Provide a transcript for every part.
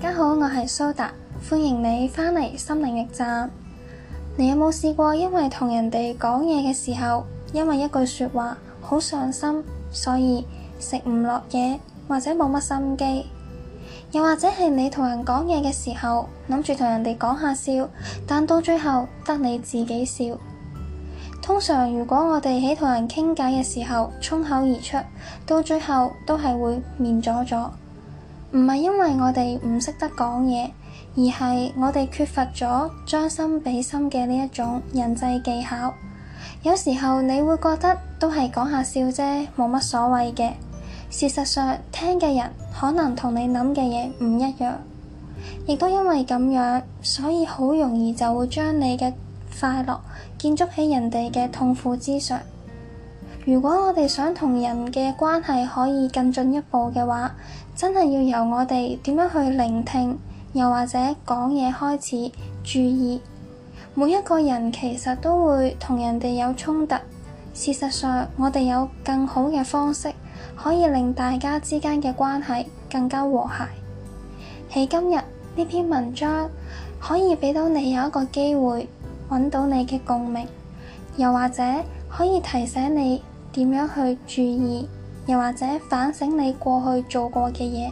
大家好，我係蘇達，歡迎你返嚟心靈驛站。你有冇試過因為同人哋講嘢嘅時候，因為一句說話好上心，所以食唔落嘢，或者冇乜心機？又或者係你同人講嘢嘅時候，諗住同人哋講下笑，但到最後得你自己笑。通常如果我哋喺同人傾偈嘅時候，衝口而出，到最後都係會面咗咗。唔係因為我哋唔識得講嘢，而係我哋缺乏咗將心比心嘅呢一種人際技巧。有時候你會覺得都係講下笑啫，冇乜所謂嘅。事實上，聽嘅人可能同你諗嘅嘢唔一樣，亦都因為咁樣，所以好容易就會將你嘅快樂建築喺人哋嘅痛苦之上。如果我哋想同人嘅關係可以更進一步嘅話，真係要由我哋點樣去聆聽，又或者講嘢開始注意。每一個人其實都會同人哋有衝突。事實上，我哋有更好嘅方式可以令大家之間嘅關係更加和諧。喺今日呢篇文章可以畀到你有一個機會揾到你嘅共鳴，又或者可以提醒你。點樣去注意，又或者反省你過去做過嘅嘢？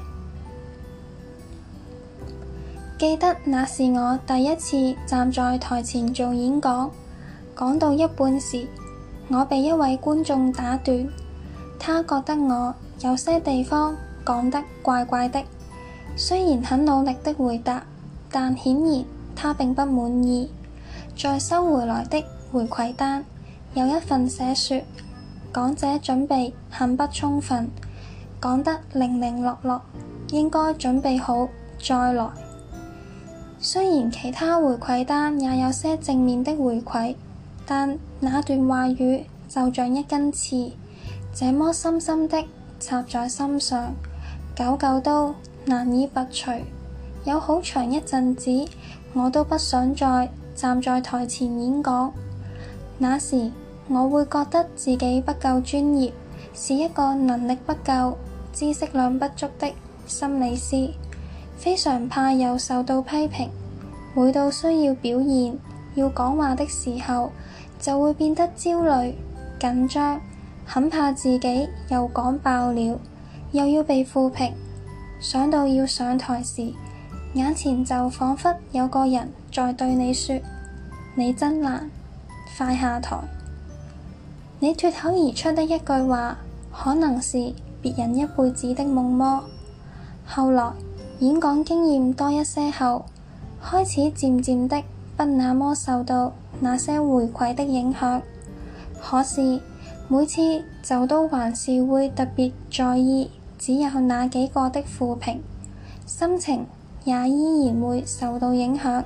記得那是我第一次站在台前做演講，講到一半時，我被一位觀眾打斷，他覺得我有些地方講得怪怪的。雖然很努力的回答，但顯然他並不滿意。再收回來的回饋單有一份寫說。講者準備很不充分，講得零零落落，應該準備好再來。雖然其他回饋單也有些正面的回饋，但那段話語就像一根刺，這麼深深的插在心上，久久都難以拔除。有好長一陣子，我都不想再站在台前演講。那時，我會覺得自己不夠專業，是一個能力不夠、知識量不足的心理師，非常怕又受到批評。每到需要表現、要講話的時候，就會變得焦慮、緊張，很怕自己又講爆了，又要被負評。想到要上台時，眼前就仿佛有個人在對你說：你真難，快下台！你脱口而出的一句話，可能是別人一輩子的夢魘。後來演講經驗多一些後，開始漸漸的不那麼受到那些回饋的影響。可是每次就都還是會特別在意只有那幾個的負評，心情也依然會受到影響。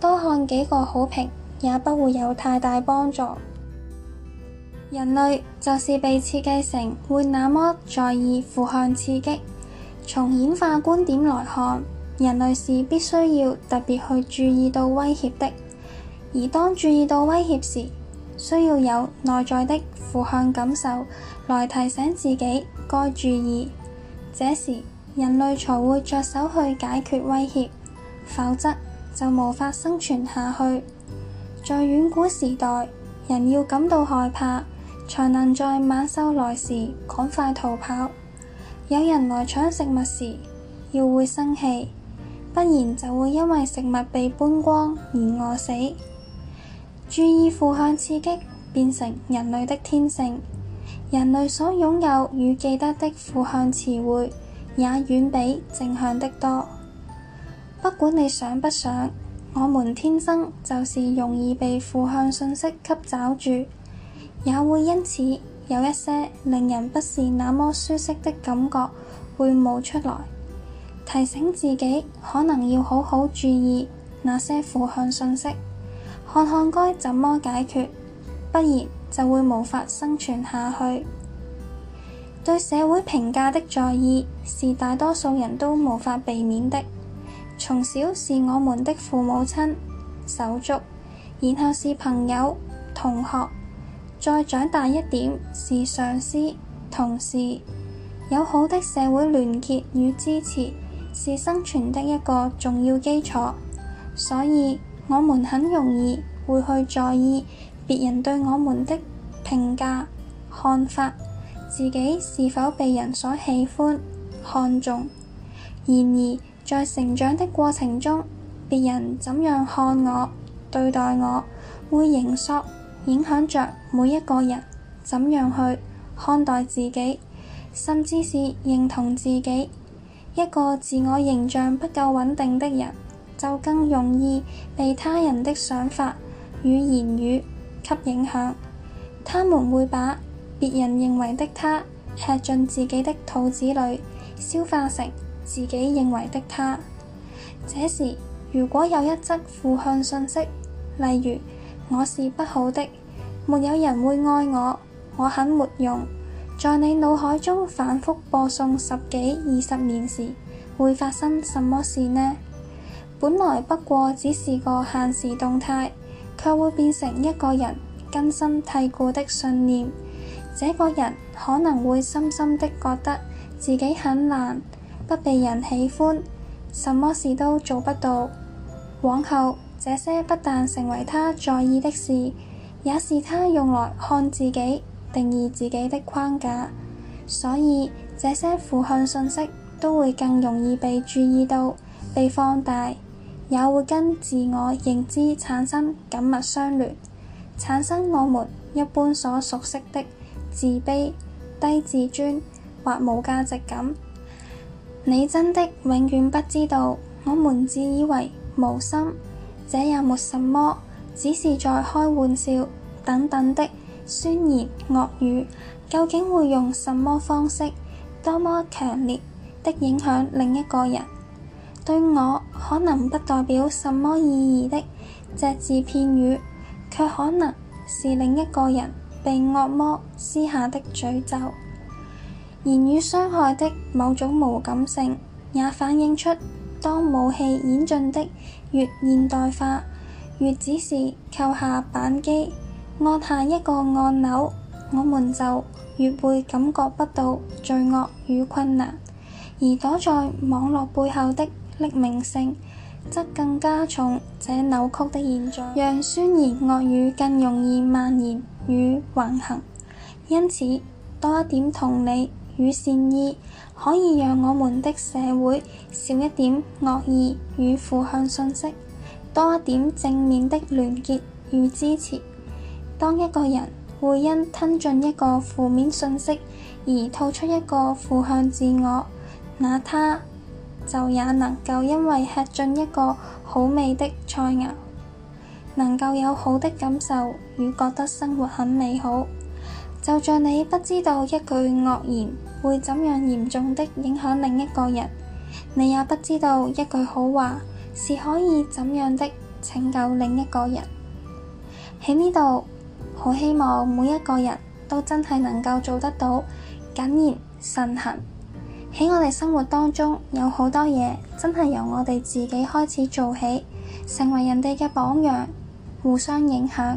多看幾個好評，也不會有太大幫助。人類就是被設計成會那麼在意負向刺激。從演化觀點來看，人類是必須要特別去注意到威脅的。而當注意到威脅時，需要有內在的負向感受來提醒自己該注意。這時，人類才會着手去解決威脅，否則就無法生存下去。在遠古時代，人要感到害怕。才能在猛獸來時趕快逃跑。有人來搶食物時，要會生氣，不然就會因為食物被搬光而餓死。注意負向刺激變成人類的天性。人類所擁有與記得的負向詞彙也遠比正向的多。不管你想不想，我們天生就是容易被負向信息給抓住。也會因此有一些令人不是那麼舒適的感覺會冒出來，提醒自己可能要好好注意那些負向訊息，看看該怎麼解決，不然就會無法生存下去。對社會評價的在意是大多數人都無法避免的。從小是我們的父母親、手足，然後是朋友、同學。再長大一點，是上司、同事，有好的社會聯結與支持，是生存的一個重要基礎。所以我們很容易會去在意別人對我們的評價看法，自己是否被人所喜歡看重。然而在成長的過程中，別人怎樣看我、對待我，會形塑。影響着每一個人怎樣去看待自己，甚至是認同自己。一個自我形象不夠穩定的人，就更容易被他人的想法與言語給影響，他們會把別人認為的他吃進自己的肚子裏，消化成自己認為的他。這時，如果有一則負向信息，例如，我是不好的，沒有人會愛我，我很沒用。在你腦海中反覆播送十幾、二十年時，會發生什麼事呢？本來不過只是個限時動態，卻會變成一個人根深蒂固的信念。這個人可能會深深的覺得自己很爛，不被人喜歡，什麼事都做不到。往後。這些不但成為他在意的事，也是他用來看自己、定義自己的框架。所以這些負向信息都會更容易被注意到、被放大，也會跟自我認知產生緊密相聯，產生我們一般所熟悉的自卑、低自尊或無價值感。你真的永遠不知道，我們自以為無心。這也沒什麼，只是在開玩笑等等的宣言惡語，究竟會用什麼方式，多麼強烈的影響另一個人？對我可能不代表什麼意義的隻字片語，卻可能是另一個人被惡魔撕下的詛咒。言語傷害的某種無感性，也反映出當武器演進的。越現代化，越只是扣下扳機，按下一個按鈕，我們就越會感覺不到罪惡與困難，而躲在網絡背後的匿名性則更加重這扭曲的現象，讓謊言惡語更容易蔓延與橫行。因此，多一點同理與善意可以讓我們的社會少一點惡意與負向信息，多一點正面的聯結與支持。當一個人會因吞進一個負面信息而吐出一個負向自我，那他就也能夠因為吃進一個好味的菜肴，能夠有好的感受與覺得生活很美好。就像你不知道一句惡言會怎樣嚴重的影響另一個人，你也不知道一句好話是可以怎樣的拯救另一個人。喺呢度，好希望每一個人都真係能夠做得到，謹言慎行。喺我哋生活當中，有好多嘢真係由我哋自己開始做起，成為人哋嘅榜樣，互相影響。